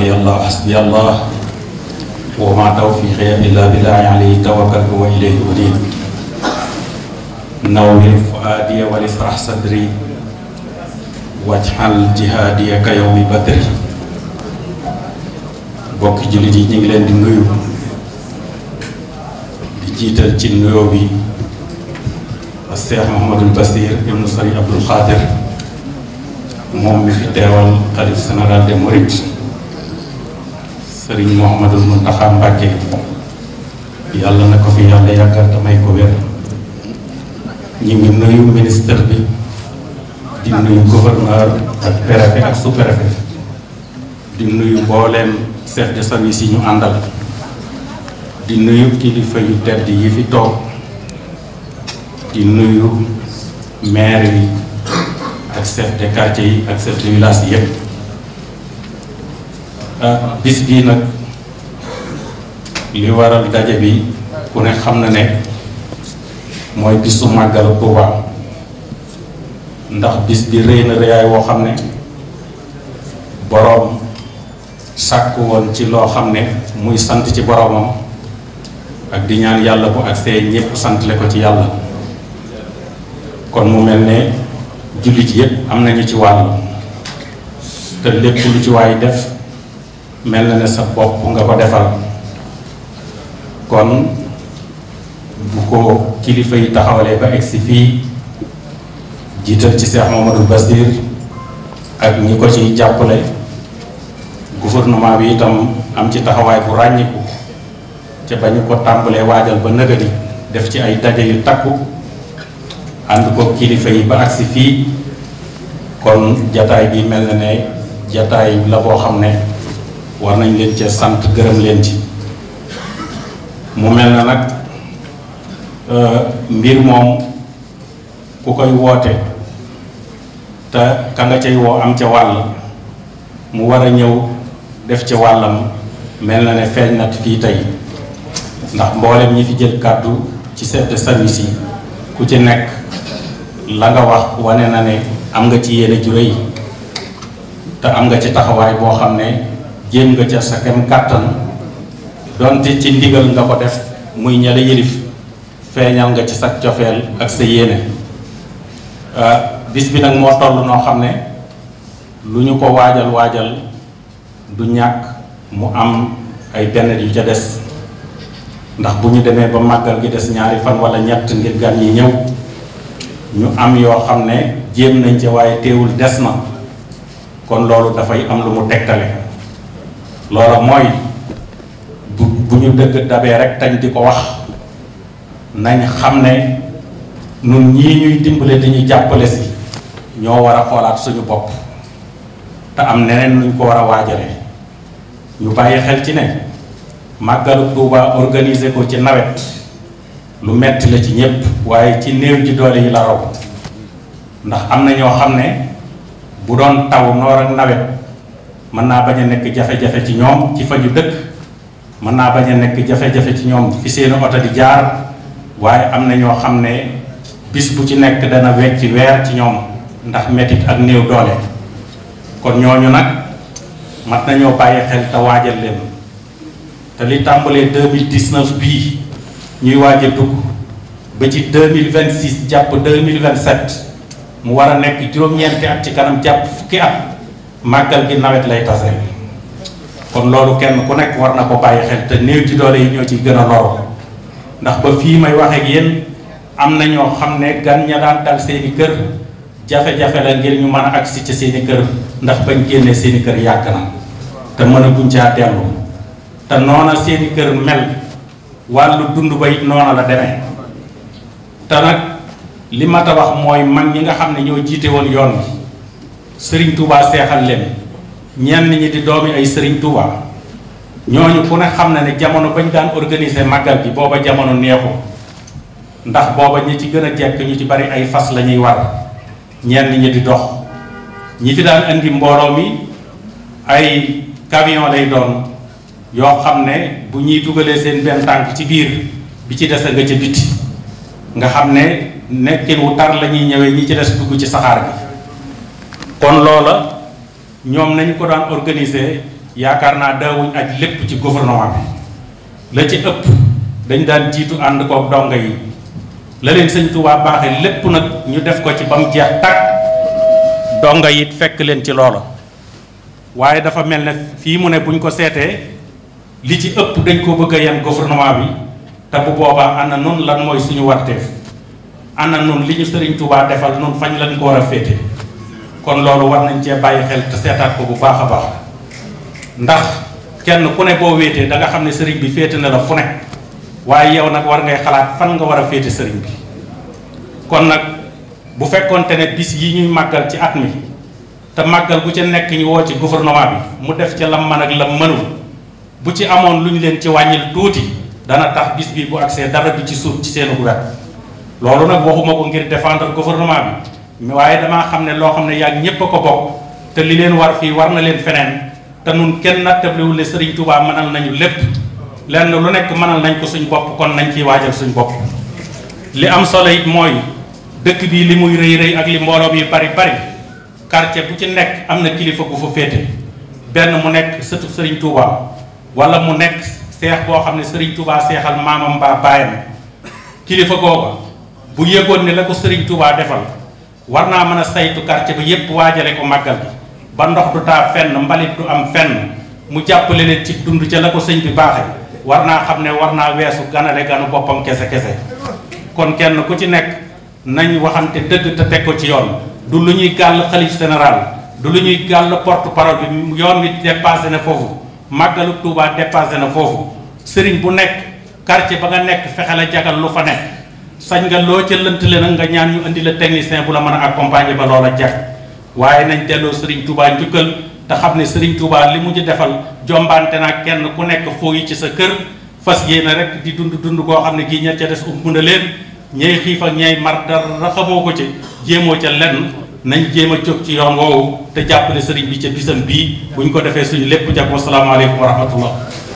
حسبي الله حسبي الله وما توفيقي إلا بالله عليه توكلت وإليه أنيب نور فؤادي ولفرح صدري واجعل جهادي كيوم بدر bokki jullit yi ñu ngi leen di nuyu di jiital ci nuyoo bi ak Seex Muhammadul Basir ibnu Sëriñ Abdul Xaadir moom mi fi teewal xalif général des Mourides sëriñ Mouhamadul Mountakha Mbacke yàlla na ko fi yàlla yàggal damay ko wér ñu ngi nuyu ministre bi di nuyu gouverneur ak préfet ak sous-préfet di nuyu mbooleem chef de service yi ñu àndal di nuyu kilifa yu tedd yi fi toog di nuyu maire yi ak chef de quartier yi ak chef de village yi yëpp Ah, bis bii nag li waral daje bi ku ne xam na ne mooy bisu màggal Tuuba ndax bis bi rëy na rëyaay woo xam ne boroom sàkk woon ci loo xam ne muy sant ci boroomam ak di ñaan yàlla bu ak see ñépp santle ko ci yàlla kon mu mel ne jullit yépp am nañu ci wàll te lépp lu ci waay def mel na ne sa bopp nga ko defal kon bu ko kilifa yi taxawalee ba egsi fii jiital ci Cheikh Mamadou Basir ak ñi ko ciy jàppale gouvernement bi itam am ci taxawaay bu ràññiku ca ba ñu ko tàmbalee waajal ba nëgëri def ci ay daje yu takku ànd ko kilifa yi ba agsi fii kon jataay bi mel na ne jataay la boo xam ne war nañ leen cee sant gërëm leen ci mu mel na nag euh, mbir moom ku koy woote te ka nga cay woo am ca wàll mu war a ñëw def ca wàllam mel na ne feeñ nat fii tey ndax mboolem ñi fi jël kàddu ci chef de yi ku ci nekk la nga wax wane na ne am nga ci yéene ju rëy te am nga ci taxawaay boo xam ne jéem nga ca sa kem kàttan donte ci ndigal nga ko des muy ñale yëlif feeñal nga ci sa cofeel ak sa yéene euh, bis bi nag moo toll noo xam ne lu ñu ko waajal waajal du ñàkk mu am ay benn yu ca des ndax bu ñu demee ba màggal gi des ñaari fan wala ñett ngir gan yi ñëw ñu am yoo xam ne jéem nañ ca waaye teewul des na kon loolu dafay am lu mu tegtale loola mooy bu bu ñu dëgg dabee rek tañ di ko wax nañ xam ne nun ñii ñuy dimbale dañuy jàppale si ñoo war a xoolaat suñu bopp te am neneen luñ ko war a waajale ñu bàyyi xel ci ne màggalu Tuuba organiser ko ci nawet lu metti la ci ñépp waaye ci néew ji doole yi la raw ndax am na ñoo xam ne bu doon taw noor ak nawet mën naa bañ a nekk jafe-jafe ci ñoom ci fa ñu dëkk mën naa bañ a nekk jafe-jafe ci ñoom fi seen oto di jaar waaye am na ñoo xam ne bis bu ci nekk dana wecc weer ci ñoom ndax metit ak néew doole kon ñooñu nag mat nañoo bàyyi xel te waajal leen te li tàmbalee 2019 bii ñuy waaj a dugg ba ci vingt 2026 jàpp mille 2027 mu war a nekk juróom-ñeenti at ci kanam jàpp fukki at màggal gi nawet lay tase kon loolu kenn ku nekk war na ko bàyyi xel te néew ci doole yi ñoo ciy gën a loro ndax ba fii may wax yéen am na ñoo xam ne gan ña daan dal seeni kër jafe-jafe la ngir ñu mën a agsi ci seeni kër ndax bañ génnee seeni kër yàgg na te mën a guñ caa dellu te noona seeni kër mel wàllu dund ba it noona la demee te nag li mat a wax mooy man ñi nga xam ne ñoo jiite woon yoon bi sëriñ Touba seexal leen ñenn ñi di doomi ay sëriñ Touba ñooñu ku ne xam na ne jamono bañ daan organiser màggal bi booba jamono neexu ndax booba ñu ci gën a jekk ñu ci bari ay fas la ñuy war ñenn ñi di dox ñi fi daan indi mbooloo mi ay camion lay doon yoo xam ne bu ñuy dugalee seen benn tànk ci biir bi ci des a nga ca biti nga xam ne nekkin wu tar la ñuy ñëwee ñi ci des dugg ci saxaar bi kon loola ñoom nañu ko daan organiser yaakaar naa daawuñ aj lépp ci gouvernement bi la ci ëpp dañ daan jiitu ànd koog donga yi la leen sëñ Tuubaa baaxe lépp nag ñu def ko ci ba mu jeex tàkk donga yi fekk leen ci loola waaye dafa mel ne fii mu ne buñ ko seetee li ci ëpp dañ ko bëgg a yem bi te bu boobaa ana nun lan mooy suñu warteef ana nun li ñu sëriñ tubaa defal nun fañ lañu ko war a féete kon loolu war nañ cee bàyyi xel te seetaat ko bu baax a baax ndax kenn ku ne boo wéetee danga xam ne sëriñ bi féete na la fu ne waaye yow nag war ngay xalaat fan nga war a féete sëriñ bi kon nag bu fekkoonte ne bis yi ñuy màggal ci at mi te màggal bu ci nekk ñu woo ci gouvernement bi mu def ca la man ak lam mënul bu ci amoon lu ñu leen ci wàññil tuuti dana tax bis bi bu agsee dara bi ci suuf ci seen wet loolu nag waxuma ko ngir défendre gouvernement waaye damaa xam ne loo xam ne yàgg ñépp a ko bokk te li leen war fii war na leen feneen te nun kenn nattablewul ne Serigne Touba mënal nañu lépp lenn lu nekk mënal nañ ko suñ bopp kon nañ ciy waajal suñ bopp li am solo it mooy dëkk bi li muy rëy rëy ak li mbooloo bi bari bari quartier bu ci nekk am na kilifa gu fa féete benn mu nekk sëtu Serigne Touba wala mu nekk seex boo xam ne Serigne Touba seexal maamam mbaa baayam kilifa googa bu yëgoon ne la ko Serigne Touba defal war naa mën a saytu quartier bi yépp waajale ko màggal bi ba ndox du taa fenn mbalit du am fenn mu jàppale leen ci dund ca la ko sëñ bi baaxe war naa xam ne war naa weesu ganale ganu boppam kese kese kon kenn ku ci nekk nañ waxante dëgg te teg ko ci yoon du lu ñuy gàll xalif général du lu ñuy gàll port parole bi yoon wi dépassé na foofu màggalu Tuubaa dépassé na foofu sëriñ bu nekk quartier ba nga nekk fexe la jagal lu fa nekk sañ nga loo ca lëntale nag nga ñaan ñu indi la technicien bu la mën a accompagner ba loola jag waaye nañ delloo Serigne Touba njukkal te xam ne Serigne Touba li mu ci defal jombante naa kenn ku nekk foo ci sa kër fas yéene rek di dund dund koo xam ne kii ña ca des ump na leen ñay xiif ak ñay mar ko ci jéemoo ca lenn nañ jéem a jóg ci yoon te jàppale ne bi ca bisam bii buñ ko defee suñu lépp jag wasalaamaaleykum wa rahmatullah